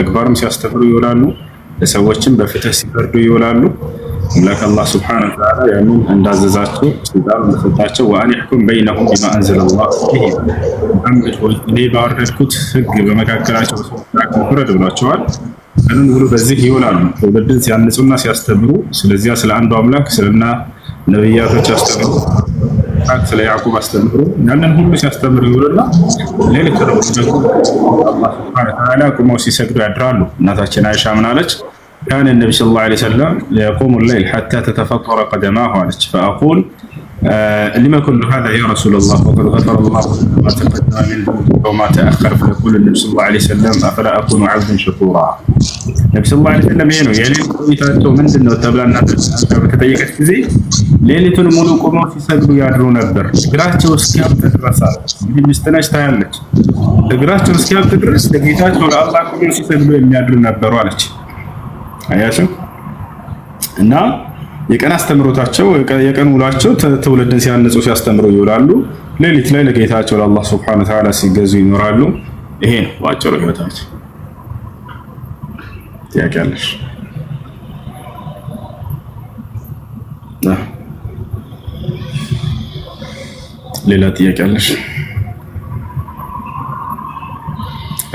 ተግባርም ሲያስተምሩ ይውላሉ። ለሰዎችም በፍትህ ሲፈርዱ ይውላሉ። አምላክ አላህ ሱብሓነሁ ወተዓላ ያንን እንዳዘዛቸው ስልጣን እንደሰጣቸው ወአን ይሕኩም በይነሁም ቢማ አንዘለ ላህ ሙሐመድ ሆይ እኔ ባወረድኩት ህግ በመካከላቸው ሰዎች ፍረድ ብሏቸዋል። ቀኑን ሙሉ በዚህ ይውላሉ። ትውልድን ሲያንጹና ሲያስተምሩ ስለዚያ ስለ አንዱ አምላክ ስለና ነብያቶች ያስተምሩ ቃል ስለ ያዕቁብ አስተምሮ ያንን ሁሉ ሲያስተምር ይውልና ሌሊት ረቡዕ ደግሞ አላህ ተዓላ ወተዓላ ቁመው ሲሰግዱ ያድራሉ። እናታችን አይሻ ምን አለች? ካነ ነቢ ሰለላሁ ዐለይሂ ወሰለም የቁሙ ሌይል ሐታ ተተፈጠረ ቀደማሁ አለች። ፈአቁል آه، لما كل هذا يا رسول الله وقد غفر الله ما تقدم منه وما تاخر فيقول النبي صلى الله عليه وسلم افلا اكون عبدا شكورا النبي صلى الله عليه وسلم ينو يعني يتاتو من دنو تبلان كتيك تزي ليلي تون ملوك ما في سجل يادرو نبر اقراتو سكاب تدرسا من مستناش تايالك اقراتو سكاب تدرس لقيتاتو لالله كمين في سجل يادرو نبر والك اياشو نعم የቀን አስተምሮታቸው የቀን ውሏቸው ትውልድን ሲያነጹ ሲያስተምሩ ይውላሉ። ሌሊት ላይ ለጌታቸው ለአላህ ስብሐነ ወተዓላ ሲገዙ ይኖራሉ። ይሄ ነው በአጭሩ ህይወታቸው። ጥያቄ አለሽ? ሌላ ጥያቄ አለሽ?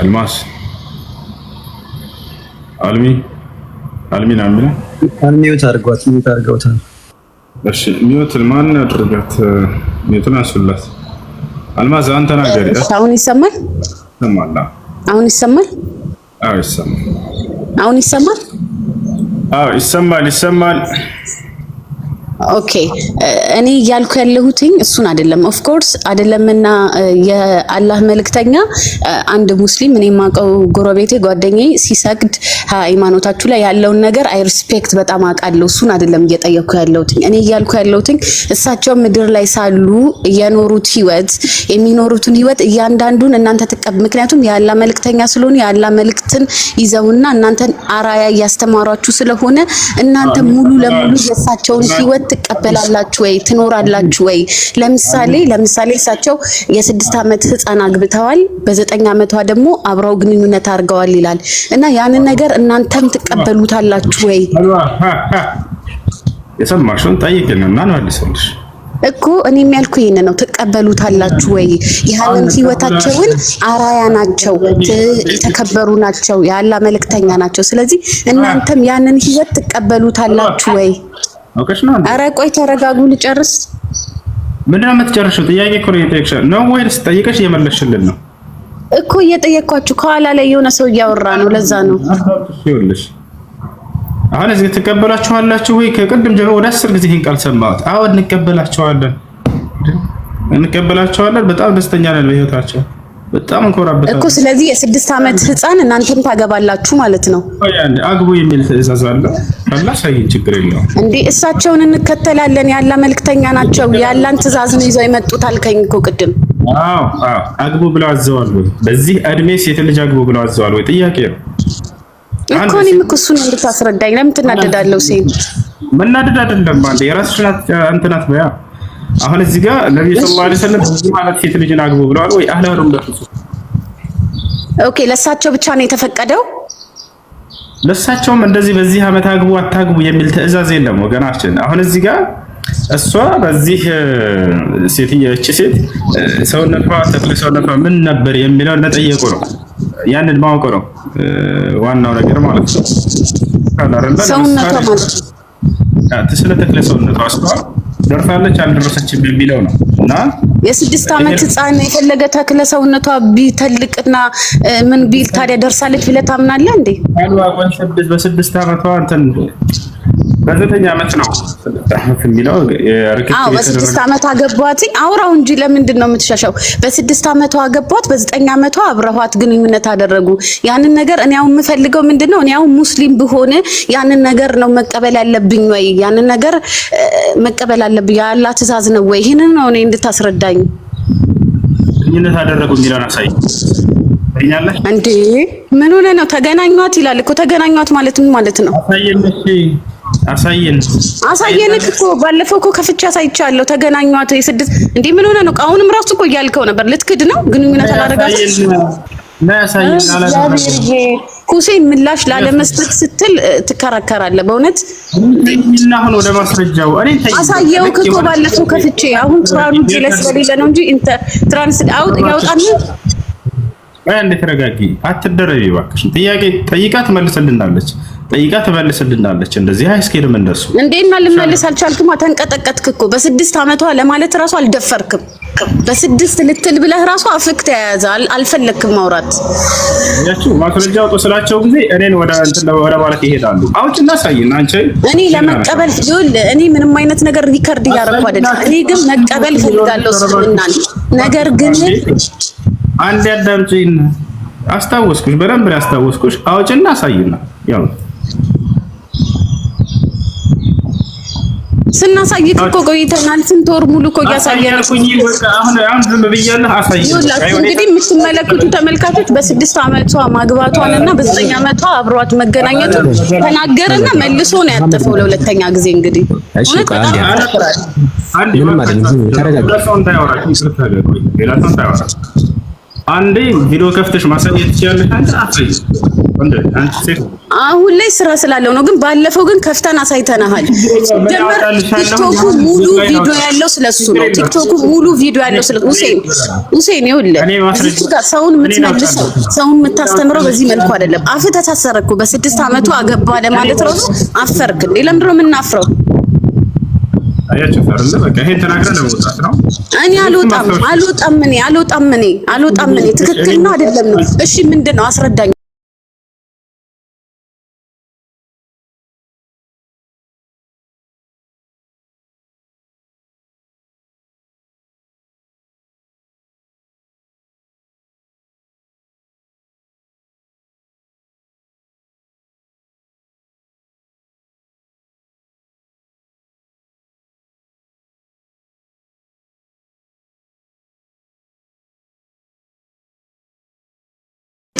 አልማስ አልሚ አልሚ አልሚና ሚዩት አድርጓት። ሚዩት አድርገውታል። እሺ ሚዩት ማን ያድርጋት? ሚዩቱን አንሱላት። አልማዝ አንተ ናገሪ። አሁን ይሰማል? ይሰማል። አሁን ይሰማል? አዎ ይሰማል። አሁን ይሰማል? አዎ ይሰማል፣ ይሰማል ኦኬ እኔ እያልኩ ያለሁትኝ እሱን አይደለም። ኦፍኮርስ አይደለምና የአላህ መልእክተኛ አንድ ሙስሊም እኔ የማውቀው ጎረቤቴ ጓደኛዬ ሲሰግድ ሃይማኖታችሁ ላይ ያለውን ነገር አይ ሪስፔክት በጣም አውቃለሁ። እሱን አይደለም እየጠየኩ ያለሁትኝ። እኔ እያልኩ ያለሁትኝ እሳቸው ምድር ላይ ሳሉ የኖሩት ህይወት የሚኖሩትን ህይወት እያንዳንዱን እናንተ ተቀብ ምክንያቱም የአላህ መልእክተኛ ስለሆኑ የአላህ መልእክትን ይዘውና እናንተን አራያ እያስተማሯችሁ ስለሆነ እናንተ ሙሉ ለሙሉ የእሳቸውን ህይወት ትቀበላላችሁ ወይ ትኖራላችሁ ወይ? ለምሳሌ ለምሳሌ እሳቸው የስድስት ዓመት ህፃን አግብተዋል፣ በዘጠኝ ዓመቷ ደግሞ አብረው ግንኙነት አድርገዋል ይላል እና ያንን ነገር እናንተም ትቀበሉታላችሁ ወይ? የሰማሽውን ጠይቅንና ነው አዲሰልሽ እኮ እኔ የሚያልኩ ይህን ነው። ትቀበሉታላችሁ ወይ? የዓለም ህይወታቸውን አራያ ናቸው፣ የተከበሩ ናቸው፣ የአላ መልእክተኛ ናቸው። ስለዚህ እናንተም ያንን ህይወት ትቀበሉታላችሁ ወይ? አውቀሽ ነው። ኧረ ቆይ ተረጋጉ፣ ልጨርስ። ምንድን ነው የምትጨርሺው? ጥያቄ እኮ ነው የጠየቅሽው ነው እየመለስሽልን ነው? እኮ እየጠየቅኳችሁ ከኋላ ላይ የሆነ ሰው እያወራ ነው። ለዛ ነው ይኸውልሽ። አሁን እዚህ ትቀበላችኋላችሁ ወይ? ከቅድም ጀምሮ ወደ አስር ጊዜ ይህን ቃል ሰማሁት። አዎ እንቀበላችኋለን፣ እንቀበላችኋለን። በጣም ደስተኛ ነን በህይወታቸው በጣም እንኮራበት እኮ። ስለዚህ የስድስት ዓመት ህፃን እናንተም ታገባላችሁ ማለት ነው። አግቡ የሚል ትዕዛዝ አለ ሳይ ችግር የለው እንዴ? እሳቸውን እንከተላለን። ያላ መልክተኛ ናቸው። ያላን ትዕዛዝ ነው ይዘው የመጡት አልከኝ እኮ ቅድም። አዎ አግቡ ብለው አዘዋል ወይ? በዚህ እድሜ ሴት ልጅ አግቡ ብለው አዘዋል ወይ? ጥያቄ ነው እኮ። እኔም እኮ እሱን እንድታስረዳኝ። ለምን ትናደዳለሁ? ሴት መናደድ አይደለም። አንዴ የራስሽን እንትናት በያ አሁን እዚህ ጋር ነብዩ ሰለላሁ ዐለይሂ ወሰለም ብዙ ማለት ሴት ልጅን አግቡ ብለዋል ወይ? አህለ ወሩም ደፍሱ ኦኬ፣ ለሳቸው ብቻ ነው የተፈቀደው። ለሳቸውም እንደዚህ በዚህ አመት አግቡ አታግቡ የሚል ትዕዛዝ የለም ወገናችን። አሁን እዚህ ጋር እሷ በዚህ ሴትዮች ሴት ሰውነቷ ተክለ ሰውነቷ ምን ነበር የሚለው መጠየቁ ነው። ያንን ማወቅ ነው ዋናው ነገር ማለት ነው። ሰውነቷ ማለት ስለ ተክለ ሰውነቷ ደርሳለች አልደረሰችም የሚለው ነው እና የስድስት ዓመት ህፃን የፈለገ ተክለ ሰውነቷ ቢተልቅና ምን ቢል ታዲያ ደርሳለች ብለህ ታምናለህ እንዴ? በስድስት ዓመቷ እንትን በዘጠኝ ዓመት ነው የሚለው በስድስት ዓመቷ አገቧት። አውራው እንጂ ለምንድን ነው የምትሻሻው? በስድስት ዓመቷ አገቧት፣ በዘጠኝ ዓመቷ አብረኋት ግንኙነት አደረጉ። ያንን ነገር እኔ አሁን የምፈልገው ምንድን ነው? እኔ አሁን ሙስሊም ብሆን ያንን ነገር ነው መቀበል ያለብኝ ወይ? ያንን ነገር መቀበል አለብኝ ያላ ትእዛዝ ነው ወይ? ይህንን ነው እኔ እንድታስረዳኝ። ግንኙነት አደረጉ የሚለውን አሳይ እንዴ ምን ሆነ ነው? ተገናኟት ይላል እኮ ተገናኟት ማለት ማለት ነው አሳየን አሳየን እኮ ባለፈው እኮ ከፍቻ አሳይቻለሁ። ተገናኟት የስድስት እንዴ ምን ሆነ ነው? አሁንም ራሱ እኮ እያልከው ነበር። ልትክድ ነው? ግንኙነት አላደረጋችሁም? ሁሴን ምላሽ ላለመስጠት ስትል ትከራከራለህ። በእውነት አሳየው እኮ ባለፈው ከፍቼ። አሁን ትራኑ ጅለስ ስለሌለ ነው እንጂ ትራንስ ያውጣል አንዴ ተረጋጊ አትደረቢ እባክሽን። ጥያቄ ጠይቃ ትመልስልናለች። ጠይቃ ትመልስልናለች። እንደዚህ አያስኬድም። እንደሱ እንዴና ልመልስ አልቻልክማ። ተንቀጠቀጥክ እኮ በስድስት ዓመቷ ለማለት ራሱ አልደፈርክም። በስድስት ልትል ብለህ ራሱ አፍክ ተያያዘ። አልፈለግክም ማውራት። ማስረጃ አውጡ ስላቸው ጊዜ እኔን ወደ ወደ ማለት ይሄዳሉ። አውጭና ሳይና አንቺ እኔ ለመቀበል እኔ ምንም አይነት ነገር ሪከርድ እያደረኩ አይደለም። እኔ ግን መቀበል ፈልጋለሁ ስልናል። ነገር ግን አንድ ያዳምጪን። አስታወስኩሽ፣ በደንብ አስታወስኩሽ። አውጭና ሳይና ያው ስናሳይክ እኮ ቆይተናል። ስንት ወር ሙሉ እኮ እያሳየን እንግዲህ የምትመለከቱ ተመልካቾች በስድስት አመቷ ማግባቷን እና በዘጠኝ አመቷ አብሯት መገናኘቱ ተናገረና መልሶ ነው ያጠፈው ለሁለተኛ ጊዜ። እንግዲህ አንዴ ቪዲዮ ከፍተሽ ማሳየት ትችያለሽ። አሁን ላይ ስራ ስላለው ነው። ግን ባለፈው ግን ከፍታን አሳይተናሃል። ጀመር ቲክቶኩ ሙሉ ቪዲዮ ያለው ስለሱ ነው። ቲክቶኩ ሙሉ ቪዲዮ ያለው ስለ ሁሴን ሁሴን ይውል እዚህ ጋር ሰውን የምትመልሰው ሰውን የምታስተምረው በዚህ መልኩ አይደለም። አፍ ተሳሰረኩ በስድስት አመቱ አገባ ለማለት ነው። አፈርክ እንዴ? ለምንድን ነው የምናፍረው? እኔ አልወጣም አልወጣም እኔ አልወጣም እኔ አልወጣም እኔ ትክክል ነው አይደለም ነው። እሺ ምንድን ነው አስረዳኝ።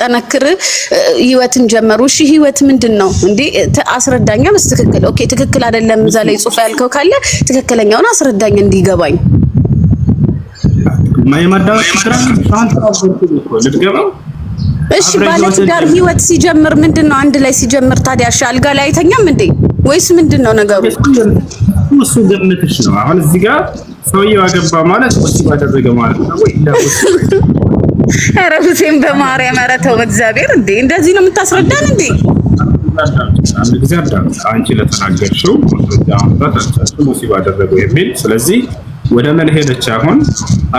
እንድጠነክር ህይወትን ጀመሩ። እሺ ህይወት ምንድን ነው እንዴ? አስረዳኛ። በስ ትክክል ኦኬ፣ ትክክል አይደለም እዛ ላይ ጽሁፍ ያልከው ካለ ትክክለኛውን አስረዳኝ እንዲገባኝ። የማዳመጥ ችግር ልትገባው እሺ ባለትዳር ህይወት ሲጀምር ምንድን ነው? አንድ ላይ ሲጀምር ታዲያ እሺ አልጋ ላይ አይተኛም እንዴ ወይስ ምንድን ነው ነገሩ? እሱ ግምትሽ ነው። አሁን እዚህ ጋር ሰውየው አገባ ማለት ወሲብ አደረገ ማለት ነው ወይ? ኧረ ሁሴን በማርያም ኧረ ተው በእግዚአብሔር እንዴ! እንደዚህ ነው የምታስረዳን እንዴ? አንድ ጊዜ አዳምጥ። አንቺ ለተናገርሽው ማስረጃ ማምጣት አልቻልሽም፣ ወሲብ የሚል ስለዚህ ወደ ምን ሄደች አሁን?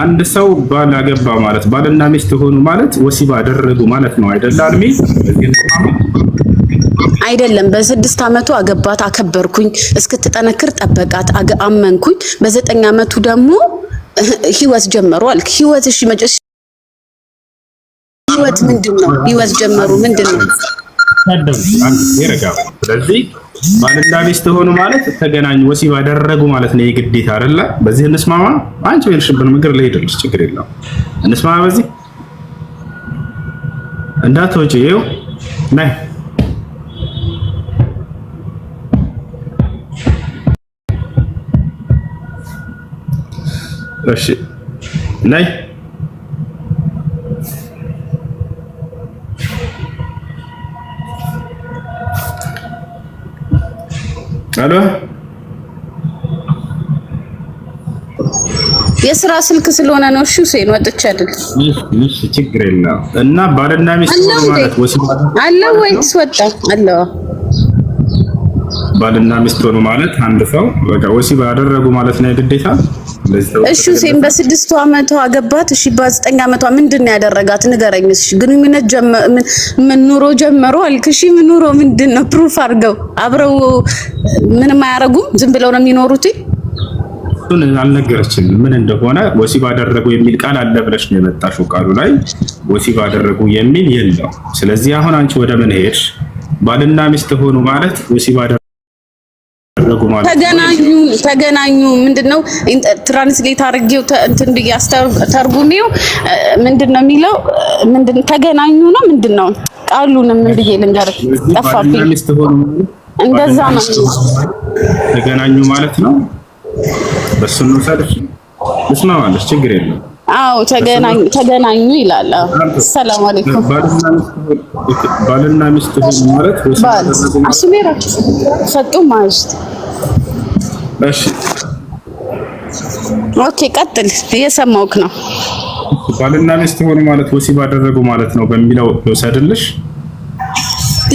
አንድ ሰው ባል አገባ ማለት ባልና ሚስት ሆኑ ማለት ወሲብ አደረጉ ማለት ነው አይደለ? አልሚ አይደለም። በስድስት አመቱ አገባት፣ አከበርኩኝ፣ እስክትጠነክር ጠበቃት፣ አመንኩኝ። በዘጠኝ አመቱ ደግሞ ህይወት ጀመሩ አልክ። ህይወት እሺ ህይወት ምንድን ነው? ህይወት ጀመሩ ምንድን ነው? ስለዚህ ባልና ሚስት ሆኑ ማለት ተገናኙ፣ ወሲብ አደረጉ ማለት ነው። የግዴታ አይደለ? በዚህ እንስማማ። አንቺ በሄድሽበት መንገድ ልሄድልሽ፣ ችግር የለው እንስማማ። በዚህ እንዳትወጪ። ይኸው ነይ እሺ፣ ነይ ሄሎ፣ የስራ ስልክ ስለሆነ ነው። እሺ፣ ሁሴን ወጥቼ አይደል? እሺ፣ ችግር የለም። እና ባልና ሚስት ማለት ወሲብ አለ ወይስ ወጣ አለ? ባልና ሚስት ሆኑ ማለት አንድ ሰው በቃ ወሲብ አደረጉ ማለት ነው ግዴታ እሺ ሴም በስድስቱ አመቷ አገባት። እሺ በዘጠኝ አመቷ ምንድን ነው ያደረጋት ንገረኝ። እሺ ግንኙነት ምን ኑሮ ጀመሩ አልክ። እሺ ምን ኑሮ ምንድን ነው? ፕሩፍ አድርገው አብረው ምንም አያረጉም። ዝም ብለው ነው የሚኖሩት። እሱን አልነገረችም ምን እንደሆነ። ወሲብ አደረጉ የሚል ቃል አለ ብለሽ ነው የመጣሽው። ቃሉ ላይ ወሲብ አደረጉ የሚል የለው። ስለዚህ አሁን አንቺ ወደ ምን ሄድሽ? ባልና ሚስት ሆኑ ማለት ወሲብ ተደረጉ ማለት ተገናኙ ተገናኙ ምንድነው ትራንስሌት አድርጌው እንትን ብያስ ተርጉሜው ምንድነው የሚለው ተገናኙ ነው ምንድነው ቃሉንም ምን ብዬ ልንገርህ ጠፋብኝ እንደዛ ነው ተገናኙ ማለት ነው በሱ ሰልፍ እስማ ችግር የለም አዎ ተገናኙ ተገናኙ ይላል ሰላም አለይኩም ባልና ሚስት ማለት ባል አሱሜራ ሰጡ ማለት እሺ ኦኬ፣ ቀጥል። እየሰማሁህ ነው። ባልና ሚስት ሆኑ ማለት ወሲብ አደረጉ ማለት ነው በሚለው ልውሰድልሽ።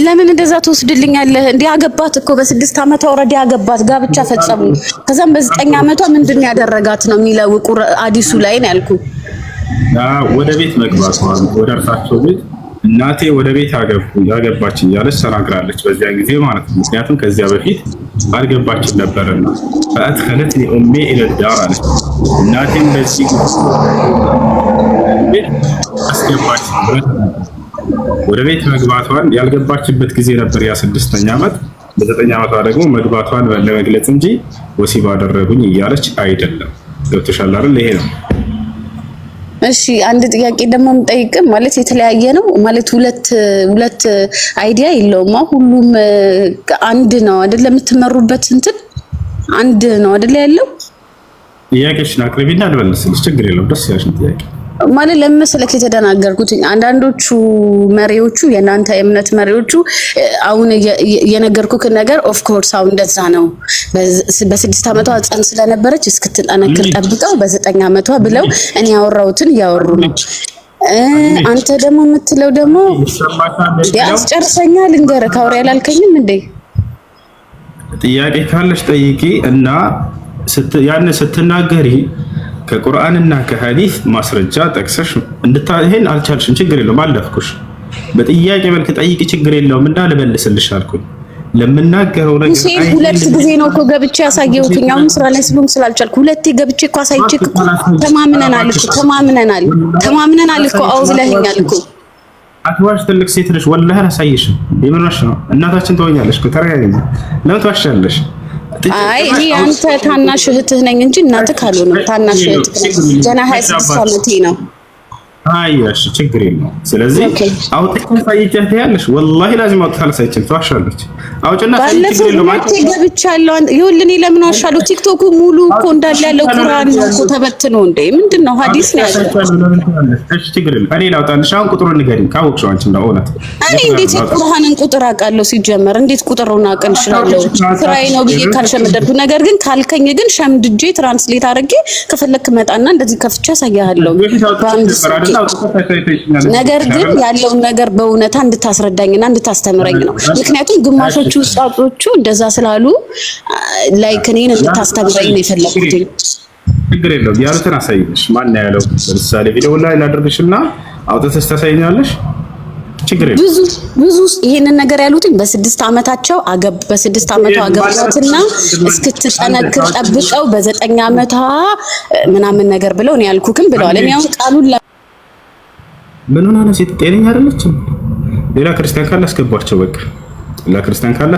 ለምን እንደዛ ትወስድልኛለህ? እንዲ አገባት እኮ በስድስት አመቷ ኦልሬዲ አገባት፣ ጋብቻ ፈጸሙ። ከዛም በዘጠኝ አመቷ ምንድን ያደረጋት ነው የሚለው አዲሱ ላይ ነው ያልኩህ። ወደ ቤት መግባት ማለት ወደ እርሳቸው ቤት እናቴ ወደ ቤት አገባች እያለች ተናግራለች፣ በዚያ ጊዜ ማለት ነው። ምክንያቱም ከዚያ በፊት አልገባችን ነበርና ፈአድኸለትኒ ኡሜ ኢለዳር አለ። እናቴም በዚህ አስገባች ወደ ቤት መግባቷን ያልገባችበት ጊዜ ነበር። ያ ስድስተኛ ዓመት በዘጠኝ ዓመቷ ደግሞ መግባቷን ለመግለጽ እንጂ ወሲብ አደረጉኝ እያለች አይደለም። ገብቶሻል አይደል? ይሄ ነው እሺ አንድ ጥያቄ ደግሞ የምጠይቅም ማለት የተለያየ ነው ማለት ሁለት ሁለት አይዲያ የለውም። ሁሉም አንድ ነው አይደል? የምትመሩበት እንትን አንድ ነው አይደል? ያለው ጥያቄሽን አቅርቢና ልመልስልሽ። ችግር የለውም። ደስ ያለሽን ጥያቄ ማለት ለመሰለክ የተደናገርኩት አንዳንዶቹ መሪዎቹ የእናንተ እምነት መሪዎቹ አሁን የነገርኩክ ነገር ኦፍ ኮርስ አሁን እንደዛ ነው። በስድስት ዓመቷ ሕፃን ስለነበረች እስክትጠነክር ጠብቀው በዘጠኝ ዓመቷ ብለው እኔ ያወራሁትን እያወሩ ነው። አንተ ደግሞ የምትለው ደግሞ ያስጨርሰኛል። ልንገርህ ካውሪ ያላልከኝም እንዴ? ጥያቄ ካለሽ ጠይቂ እና ያን ስትናገሪ ከቁርአንና ከሐዲስ ማስረጃ ጠቅሰሽ እንድታይሄን አልቻልሽም። ችግር የለውም አለፍኩሽ። በጥያቄ መልክ ጠይቂ፣ ችግር የለውም እና ልመልስልሽ አልኩኝ። ለምናገረው ነገር ሁለት ጊዜ ነው እኮ ገብቼ ያሳየሁት። አሁን ስራ ላይ ስለሆንኩ ስላልቻልኩ ሁለቴ ገብቼ እኮ አሳይቼ ተማምነናል እኮ ተማምነናል ተማምነናል እኮ አውዝ ለህኛል እኮ አትዋሽ። ትልቅ ሴት ነሽ። ወላሂ አላሳይሽም። የምራሽ ነው። እናታችን ትሆኛለሽ። ተረጋጊ። ለምን ትዋሻለሽ? አይ እኔ አንተ ታናሽ እህትህ ነኝ እንጂ እናትህ ካልሆነም ታናሽ እህትህ ገና ሀያ ዓመቴ ነው። አያሽ ችግር የለውም። ስለዚህ አውጥቼ ሳይጨህ ትያለሽ። ወላሂ ላዚም አውጥታ ሳይችል ትዋሻለች። አውጭና ሳይችል ገብቻለሁ። ይኸውልህ ለምን ዋሻለሁ? ቲክቶኩ ሙሉ እኮ እንዳለ ያለው ቁርአን እኮ ተበትኖ እንደ ምንድን ነው ሐዲስ ነው እሺ ችግር የለም። እኔ ላውጣልሽ። አሁን ቁጥሩን ንገሪኝ ካወቅሽው አንቺ ነው እውነት። እኔ እንዴት የቁርአንን ቁጥር አውቃለሁ? ሲጀመር እንዴት ቁጥሩን አውቅልሻለሁ? ስራዬ ነው ብዬ ካልሸመደድኩ። ነገር ግን ካልከኝ ግን ሸምድጄ ትራንስሌት አድርጌ ከፈለክ መጣና እንደዚህ ከፍቼ አሳያለሁ። በአንድ ነገር ግን ያለውን ነገር በእውነታ እንድታስረዳኝና እንድታስተምረኝ ነው። ምክንያቱም ግማሾቹ ወጣቶቹ እንደዛ ስላሉ ላይክ እኔን እንድታስተምረኝ ነው የፈለጉት። ችግር የለውም ያሉትን አሳይነሽ ማን ያለው ለምሳሌ ቪዲዮ ላይ ላድርግሽ እና አውጥተሽ ታሳይኛለሽ። ብዙ ብዙ ይሄንን ነገር ያሉትኝ በስድስት አመታቸው አገብ በስድስት አመቷ አገባትና እስክትጠነክር ጠብቀው በዘጠኝ አመቷ ምናምን ነገር ብለው እኔ ያልኩክም ብለዋል። እኔ አሁን ቃሉን ምን ሆና ነው? ሴት ጤነኛ አይደለችም። ሌላ ክርስቲያን ካለ አስገቧቸው። በቃ ሌላ ክርስቲያን ካለ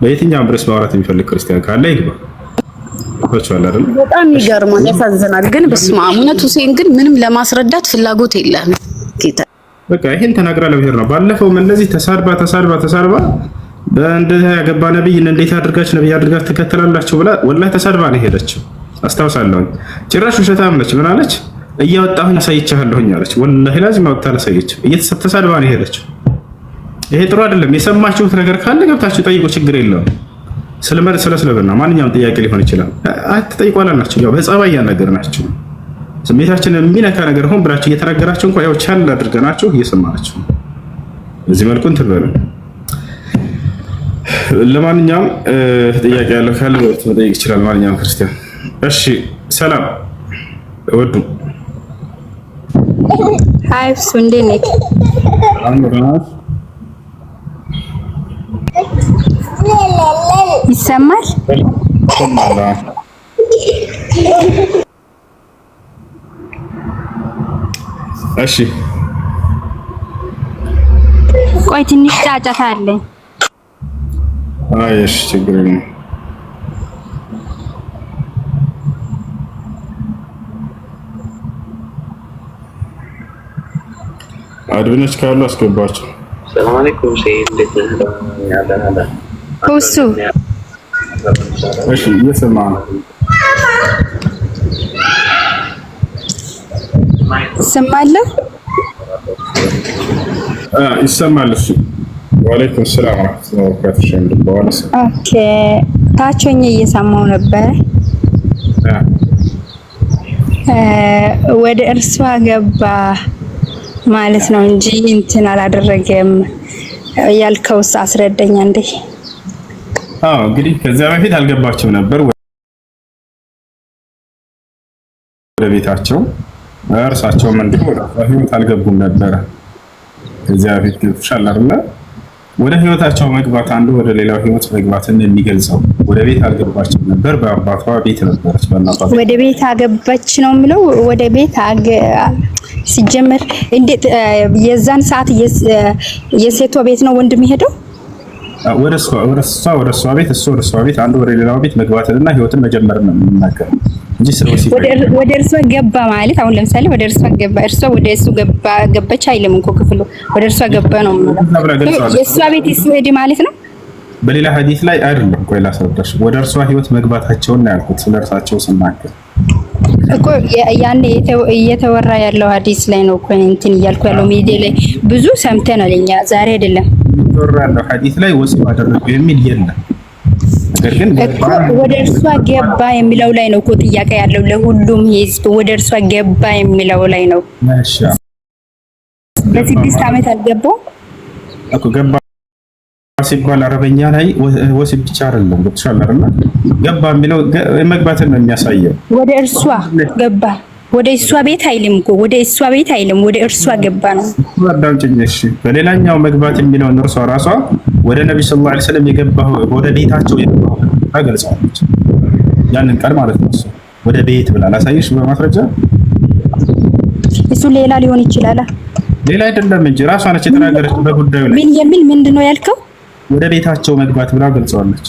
በየትኛውም ድረስ ማውራት የሚፈልግ ክርስቲያን ካለ ይግባ። በጣም ይገርማል፣ ያሳዝናል። ግን በስመ አብ እውነት ሁሴን ግን ምንም ለማስረዳት ፍላጎት የለም። በቃ ይሄን ተናግራ ለብሄር ነው። ባለፈውም እንደዚህ ተሳድባ ተሳድባ ተሳድባ በእንደዚህ ያገባ ነብይ እንዴት አድርጋችሁ ነብይ አድርጋችሁ ትከተላላችሁ ብላ ወላሂ ተሳድባ ነው ሄደችው። አስታውሳለሁ። ጭራሽ ውሸታም ነች። ምን አለች? እያወጣሁኝ አሳይቻለሁኝ አለች። ወላሂ ላዚም አውጥታ አላሳየችም። እየተሰተሳድባ ነው የሄደችው። ይሄ ጥሩ አይደለም። የሰማችሁት ነገር ካለ ገብታችሁ ጠይቁ፣ ችግር የለውም። ስለመድ ስለ ስለብና ማንኛውም ጥያቄ ሊሆን ይችላል። አትጠይቋላ ናቸው ያው በጸባይ ያነገር ናቸው። ስሜታችን የሚነካ ነገር ሆን ብላችሁ እየተናገራችሁ እንኳ ያው ቻል አድርገናችሁ እየሰማናችሁ በዚህ መልኩ እንትን በሉ። ለማንኛውም ጥያቄ ያለው ካለ መጠየቅ ይችላል ማንኛውም ክርስቲያን። እሺ ሰላም ወዱ Five Swindenic. ይሰማል እሺ ቆይ ትንሽ ጫጫታ አለኝ አይ እሺ ችግር የለም አድብነች ካሉ አስገባቸው። ሰላም አለይኩም ሰይድ፣ እንዴት እሺ፣ እየሰማ ነው። ይሰማል እ ወአለይኩም ሰላም ወራህመቱላሂ ወበረካቱህ። ኦኬ፣ ታቾኝ እየሰማው ነበረ። ወደ እርሷ ገባ ማለት ነው እንጂ እንትን አላደረገም ያልከውስ አስረደኛ እንዴ? አዎ እንግዲህ ከዚያ በፊት አልገባቸው ነበር ወደ ቤታቸው እርሳቸውም እንዲሁ ወደ ህይወት አልገቡም ነበረ። ከዚያ በፊት ገብቶሻል አይደለ? ወደ ህይወታቸው መግባት አንዱ ወደ ሌላው ህይወት መግባትን የሚገልጸው ወደ ቤት አልገባችም ነበር። በአባቷ ቤት ነበረች። ወደ ቤት አገባች ነው የሚለው ወደ ቤት ሲጀመር እንዴት የዛን ሰዓት የሴቷ ቤት ነው ወንድም የሚሄደው? ወደ እሷ ወደ እሷ ቤት እሱ ወደ እሷ ቤት አንዱ ወደ ሌላው ቤት መግባትንና ህይወትን መጀመር ነው የምናገር እንጂ ወደ እርሷ ገባ ማለት አሁን ለምሳሌ ወደ እርሷ ገባ እርሷ ወደ እሱ ገባ ገባች አይልም እኮ ክፍሉ ወደ እርሷ ገባ ነው የእሷ ቤት እሱ ሄደ ማለት ነው። በሌላ ሀዲስ ላይ አይደለም። ቆይ ላስረዳሽ። ወደ እርሷ ህይወት መግባታቸውን ነው ያልኩት ስለ እርሳቸው ስናገር እኮ ያኔ እየተወራ ያለው ሀዲስ ላይ ነው እኮ እንትን እያልኩ ያለው ሚዲያ ላይ ብዙ ሰምተናል እኛ። ዛሬ አይደለም እየተወራ ያለው ሀዲስ ላይ ወሲብ አደረጉ የሚል የለም። ወደ እርሷ ገባ የሚለው ላይ ነው እኮ ጥያቄ ያለው ለሁሉም ህዝብ። ወደ እርሷ ገባ የሚለው ላይ ነው። በስድስት ዓመት አልገባው እኮ ገባ ሲባል አረበኛ ላይ ወሲብ ብቻ አይደለም። ብቻ አይደል? ገባ የሚለው መግባትን ነው የሚያሳየው። ወደ እርሷ ገባ፣ ወደ እሷ ቤት አይልም እኮ ወደ እሷ ቤት አይልም፣ ወደ እርሷ ገባ ነው። አዳምጪኝ እሺ። በሌላኛው መግባት የሚለውን እርሷ ራሷ ወደ ነቢ ሰለላሁ ዐለይሂ ወሰለም የገባው ወደ ቤታቸው የገባው ገልጸዋለች። ያንን ቃል ማለት ነው። ወደ ቤት ብላ ላሳየሽ በማስረጃ እሱ ሌላ ሊሆን ይችላል። ሌላ አይደለም እንጂ ራሷ ነች የተናገረች በጉዳዩ ላይ ምን የሚል ምንድን ነው ያልከው? ወደ ቤታቸው መግባት ብላ ገልጸዋለች።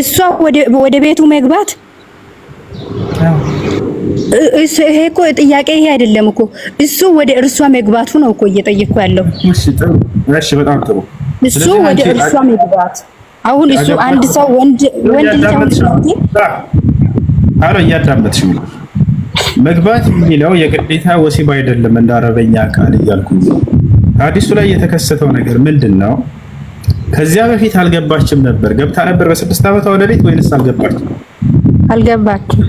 እሷ ወደ ቤቱ መግባት ይሄ እኮ ጥያቄ ይሄ አይደለም እኮ እሱ ወደ እርሷ መግባቱ ነው እኮ እየጠየቅኩ ያለው። እሺ፣ ጥሩ፣ እሺ በጣም ጥሩ። እሱ ወደ እርሷ መግባት አሁን እሱ አንድ ሰው ወንድ ወንድ እያዳመጥሽ ነው። መግባት የሚለው የግዴታ ወሲብ አይደለም፣ እንደ አረበኛ ቃል እያልኩ ሐዲሱ ላይ የተከሰተው ነገር ምንድን ነው? ከዚያ በፊት አልገባችም ነበር። ገብታ ነበር በስድስት ዓመቷ ወደ ቤት ወይንስ አልገባችም? አልገባችም።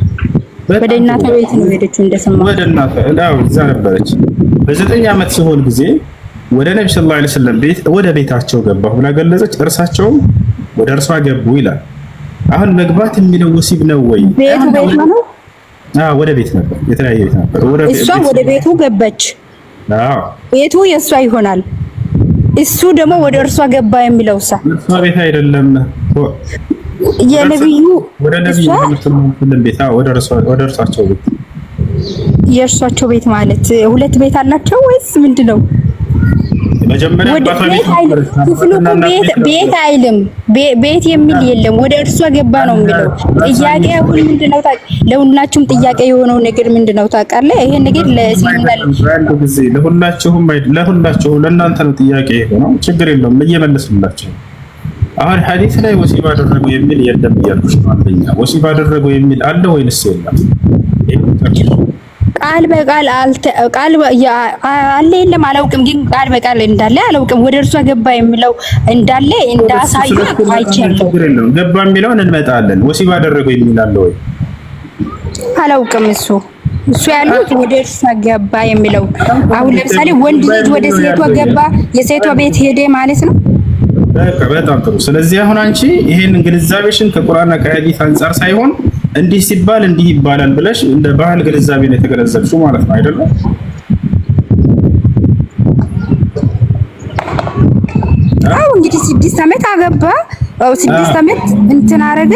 ወደ እናቷ ቤት ነው ሄደችው እንደሰማ ወደ እናቷ አዎ፣ እዛ ነበረች። በዘጠኝ ዓመት ሲሆን ጊዜ ወደ ነብይ ሰለላሁ ዐለይሂ ወሰለም ቤት ወደ ቤታቸው ገባሁ ብላ ገለጸች። እርሳቸውም ወደ እርሷ ገቡ ይላል። አሁን መግባት የሚለው ወሲብ ነው ወይ? ቤቱ ቤት ነው። አዎ፣ ወደ ቤት ነበር፣ የተለያየ ቤት ነበር። ወደ ቤቱ ገባች። አዎ፣ ቤቱ የእሷ ይሆናል እሱ ደግሞ ወደ እርሷ ገባ የሚለው ሳ እሷ ቤት አይደለም የነብዩ ወደ ነብዩ ቤት ወደ እርሷ ወደ እርሷቸው ቤት የእርሷቸው ቤት ማለት ሁለት ቤት አላቸው ወይስ ምንድነው? ቤት አይልም። ቤት የሚል የለም። ወደ እርሷ ገባ ነው የሚለው። ጥያቄ አሁን ምንድነው? ለሁላችሁም ጥያቄ የሆነው ነገር ምንድነው ታውቃለህ? ይሄ ነገር ለእስልምና ለሁላችሁም ለእናንተ ነው ጥያቄ የሆነው። ችግር የለውም እየመለስላችሁ አሁን ሐዲስ ላይ ወሲብ አደረገው የሚል የለም እያልኩሽ ነው። አንደኛ ወሲብ አደረገው የሚል አለ ወይንስ የለም? ቃል በቃል ቃል አለ የለም አላውቅም፣ ግን ቃል በቃል እንዳለ አላውቅም። ወደ እርሷ ገባ የሚለው እንዳለ እንዳሳየ አይቻለሁ። ገባ የሚለውን እንመጣለን። ወሲብ አደረገው የሚላለ ወይ አላውቅም። እሱ እሱ ያሉት ወደ እርሷ ገባ የሚለው አሁን ለምሳሌ ወንድ ልጅ ወደ ሴቷ ገባ፣ የሴቷ ቤት ሄደ ማለት ነው። በቃ በጣም ጥሩ። ስለዚህ አሁን አንቺ ይሄን ግንዛቤሽን ከቁርአንና ከሐዲስ አንጻር ሳይሆን እንዲህ ሲባል እንዲህ ይባላል ብለሽ እንደ ባህል ግንዛቤ ነው የተገነዘብሽው ማለት ነው አይደለም? አው እንግዲህ ስድስት አመት አገባ፣ ስድስት አመት እንትን አረገ።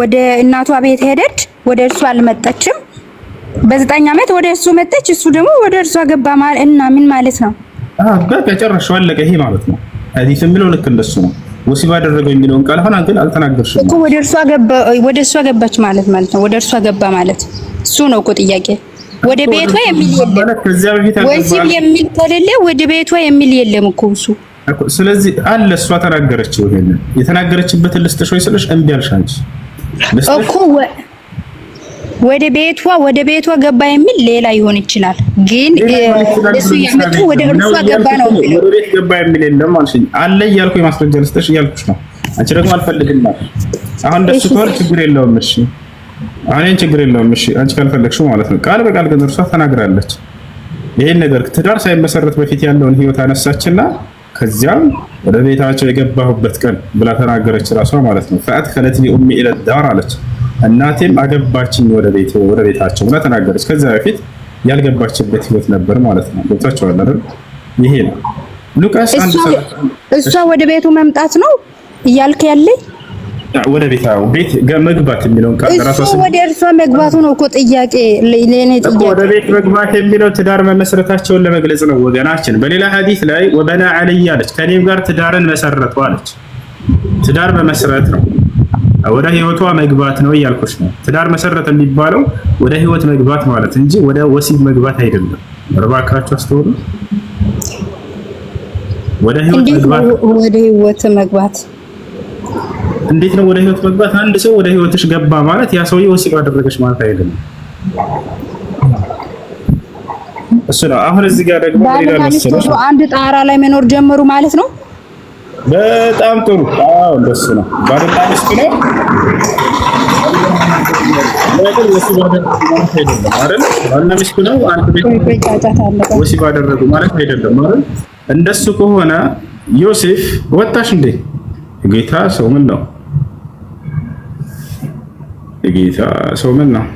ወደ እናቷ ቤት ሄደች፣ ወደ እርሱ አልመጣችም። በዘጠኝ አመት ወደ እርሱ መጣች፣ እሱ ደግሞ ወደ እርሱ አገባ። እና ምን ማለት ነው? አዎ በቃ ጨረሻው አለቀ። ይሄ ማለት ነው ሐዲስ የሚለው ልክ እንደሱ ነው። ወሲብ አደረገው የሚለውን ቃል አሁን ግን አልተናገርሽም እኮ ወደ እርሷ ገባ ወደ እርሷ ገባች ማለት ማለት ነው። ወደ እርሷ ገባ ማለት እሱ ነው እኮ ጥያቄ። ወደ ቤቷ የሚል የለም ከዚያ በፊት ወሲብ የሚል ከሌለ ወደ ቤቷ የሚል የለም እኮ እሱ። ስለዚህ አለ እሷ ተናገረችው ይሄንን የተናገረችበትን ልስጥሽ ወይ ስልሽ እምቢ አልሽ አንቺ እኮ ወደ ቤቷ ወደ ቤቷ ገባ የሚል ሌላ ይሆን ይችላል። ግን እሱ ያመጡ ወደ እርሷ ገባ ነው የሚለው ወደ ቤት ገባ የሚል የለም ማለት አለ እያልኩ የማስረጃ ልስጥሽ እያልኩሽ ነው። አንቺ ደግሞ አልፈልግም አሁን ደስ ትወር ችግር የለውም እሺ፣ አሁን ችግር የለውም እሺ። አንቺ ካልፈለግሽው ማለት ነው ቃል በቃል ግን እርሷ ተናግራለች። ይሄን ነገር ትዳር ሳይመሰረት በፊት ያለውን ህይወት አነሳችና ከዚያም ወደ ቤታቸው የገባሁበት ቀን ብላ ተናገረች ራሷ ማለት ነው። ፈአት ከለትኒ ኡሚ ኢለ ዳር አለች እናቴም አገባችኝ ወደ ቤት ወደ ቤታቸው ብላ ተናገረች። ከዚያ በፊት ያልገባችበት ህይወት ነበር ማለት ነው። ገብታችኋል አይደል? ይሄ ነው ሉቃስ። እሷ ወደ ቤቱ መምጣት ነው እያልክ ያለኝ ወደ ቤት አዎ፣ ቤት መግባት የሚለውን እሱ ወደ እርሷ መግባቱ ነው እኮ ጥያቄ፣ ለኔ ጥያቄ። ወደ ቤት መግባት የሚለው ትዳር መመስረታቸውን ለመግለጽ ነው ወገናችን። በሌላ ሐዲስ ላይ ወበና አለይ አለች፣ ከኔም ጋር ትዳርን መሰረቱ አለች። ትዳር መመስረት ነው ወደ ህይወቷ መግባት ነው እያልኩሽ ነው። ትዳር መሰረት የሚባለው ወደ ህይወት መግባት ማለት እንጂ ወደ ወሲብ መግባት አይደለም። እባካችሁ አስተውሉ። ወደ ህይወት መግባት እንዴት ነው? ወደ ህይወት መግባት አንድ ሰው ወደ ህይወትሽ ገባ ማለት ያ ሰውዬ ወሲብ አደረገች ማለት አይደለም። እሱ ነው አሁን እዚህ ጋር ደግሞ አንድ ጣራ ላይ መኖር ጀመሩ ማለት ነው። በጣም ጥሩ። አዎ እንደሱ ነው። ባልና ሚስት ነው ወሲ ባደረጉ ማለት አይደለም አይደል? እንደሱ ከሆነ ዮሴፍ ወጣሽ እንዴ? ጌታ ሰው ምን ነው? ጌታ ሰው ምን ነው?